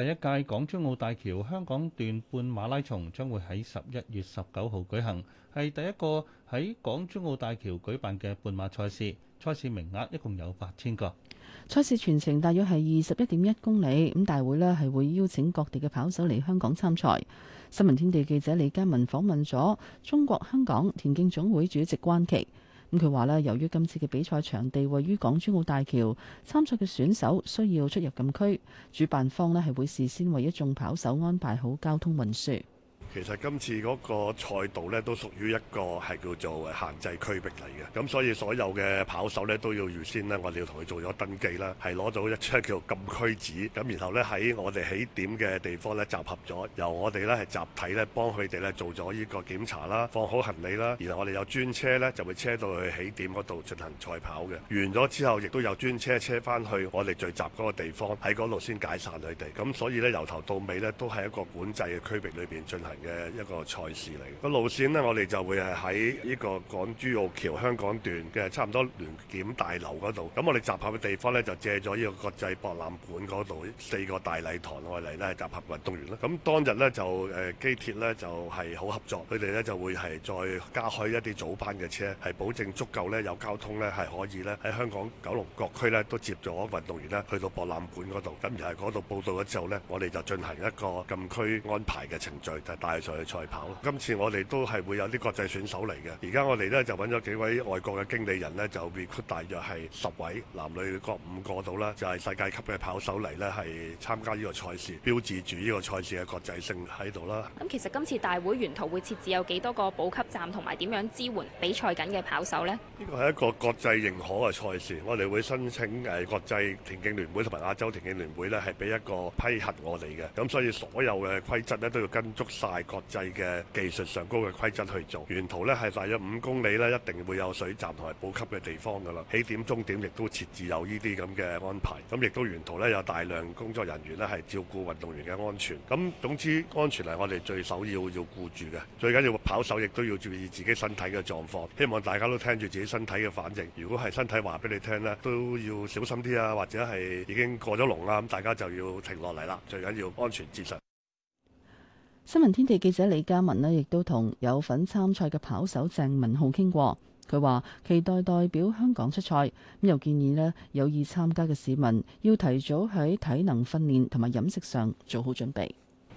第一屆港珠澳大橋香港段半馬拉松將會喺十一月十九號舉行，係第一個喺港珠澳大橋舉辦嘅半馬賽事。賽事名額一共有八千個，賽事全程大約係二十一點一公里。咁大會呢，係會邀請各地嘅跑手嚟香港參賽。新聞天地記者李嘉雯訪問咗中國香港田徑總會主席關祺。咁佢話咧，由於今次嘅比賽場地位於港珠澳大橋，參賽嘅選手需要出入禁區，主辦方咧係會事先為一眾跑手安排好交通運輸。其實今次嗰個賽道咧，都屬於一個係叫做限制區域嚟嘅。咁所以所有嘅跑手咧，都要預先咧，我哋要同佢做咗登記啦，係攞到一張叫做禁區紙。咁然後咧喺我哋起點嘅地方咧，集合咗，由我哋咧係集體咧幫佢哋咧做咗呢個檢查啦，放好行李啦，然後我哋有專車咧就會車到去起點嗰度進行賽跑嘅。完咗之後，亦都有專車車翻去我哋聚集嗰個地方，喺嗰度先解散佢哋。咁所以咧，由頭到尾咧都係一個管制嘅區域裏邊進行嘅。嘅一個賽事嚟，個路線呢，我哋就會係喺呢個港珠澳橋香港段嘅差唔多聯檢大樓嗰度。咁我哋集合嘅地方呢，就借咗呢個國際博覽館嗰度四個大禮堂內嚟呢，集合運動員啦。咁當日呢，就誒、呃、機鐵呢，就係、是、好合作，佢哋呢，就會係再加開一啲早班嘅車，係保證足夠呢有交通呢係可以呢喺香港九龍各區呢，都接咗運動員呢去到博覽館嗰度。咁而喺嗰度報到咗之後呢，我哋就進行一個禁區安排嘅程序大嘅賽跑，今次我哋都係會有啲國際選手嚟嘅。而家我哋咧就揾咗幾位外國嘅經理人呢，就 r e 大約係十位男女各五個度啦，就係、是、世界級嘅跑手嚟呢係參加呢個賽事，標誌住呢個賽事嘅國際性喺度啦。咁其實今次大會沿途會設置有幾多個補給站，同埋點樣支援比賽緊嘅跑手呢？呢個係一個國際認可嘅賽事，我哋會申請誒國際田徑聯會同埋亞洲田徑聯會呢係俾一個批核我哋嘅。咁所以所有嘅規則呢，都要跟足晒。係國際嘅技術上高嘅規則去做，沿途呢係大約五公里咧，一定會有水站同埋補給嘅地方㗎喇。起點、終點亦都設置有呢啲咁嘅安排。咁亦都沿途呢有大量工作人員咧係照顧運動員嘅安全。咁總之，安全係我哋最首要要顧住嘅。最緊要跑手亦都要注意自己身體嘅狀況。希望大家都聽住自己身體嘅反應。如果係身體話俾你聽呢，都要小心啲呀，或者係已經過咗龍啦，咁大家就要停落嚟啦。最緊要安全至上。新聞天地記者李嘉雯呢，亦都同有份參賽嘅跑手鄭文浩傾過，佢話期待代表香港出賽，咁又建議呢有意參加嘅市民要提早喺體能訓練同埋飲食上做好準備。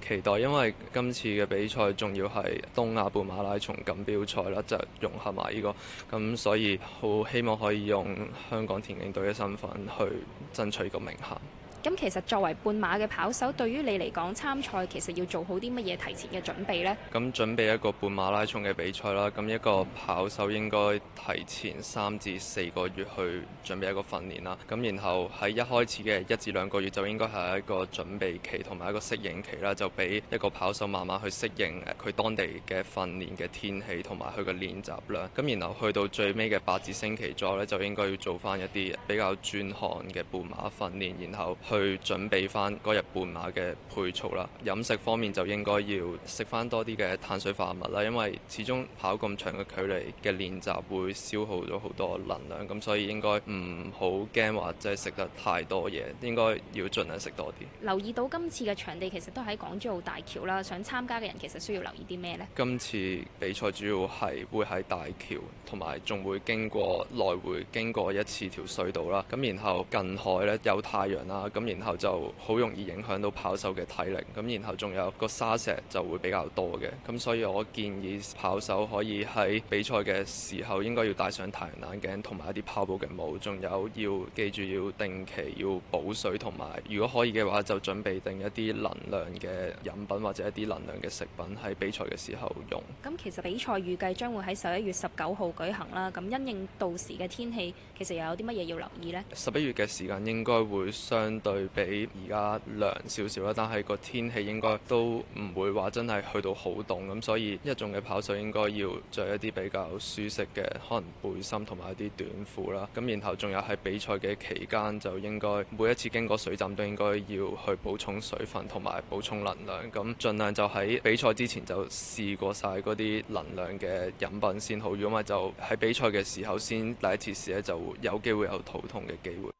期待，因為今次嘅比賽仲要係東亞半馬拉松錦標賽啦，就是，融合埋，這，呢個，咁所以好希望可以用香港田徑隊嘅身份去爭取個名銜。咁其實作為半馬嘅跑手，對於你嚟講，參賽其實要做好啲乜嘢提前嘅準備咧？咁準備一個半馬拉松嘅比賽啦，咁一個跑手應該提前三至四個月去準備一個訓練啦。咁然後喺一開始嘅一至兩個月就應該係一個準備期同埋一個適應期啦，就俾一個跑手慢慢去適應誒，佢當地嘅訓練嘅天氣同埋佢嘅練習啦。咁然後去到最尾嘅八至星期左右就應該要做翻一啲比較專項嘅半馬訓練，然後。去準備翻嗰日半馬嘅配速啦。飲食方面就應該要食翻多啲嘅碳水化合物啦，因為始終跑咁長嘅距離嘅練習會消耗咗好多能量，咁所以應該唔好驚話即係食得太多嘢，應該要盡量食多啲。留意到今次嘅場地其實都喺港珠澳大橋啦，想參加嘅人其實需要留意啲咩呢？今次比賽主要係會喺大橋，同埋仲會經過來回經過一次條隧道啦。咁然後近海呢，有太陽啦，咁然後就好容易影響到跑手嘅體力，咁然後仲有個沙石就會比較多嘅，咁所以我建議跑手可以喺比賽嘅時候應該要戴上太陽眼鏡同埋一啲跑步嘅帽，仲有要記住要定期要補水，同埋如果可以嘅話就準備定一啲能量嘅飲品或者一啲能量嘅食品喺比賽嘅時候用。咁其實比賽預計將會喺十一月十九號舉行啦，咁因應到時嘅天氣其實又有啲乜嘢要留意咧？十一月嘅時間應該會相對。對比而家涼少少啦，但係個天氣應該都唔會話真係去到好凍，咁，所以一眾嘅跑手應該要着一啲比較舒適嘅可能背心同埋一啲短褲啦。咁然後仲有喺比賽嘅期間就應該每一次經過水站都應該要去補充水分同埋補充能量。咁盡量就喺比賽之前就試過晒嗰啲能量嘅飲品先好，如果唔係就喺比賽嘅時候先第一次試咧，就有機會有肚痛嘅機會。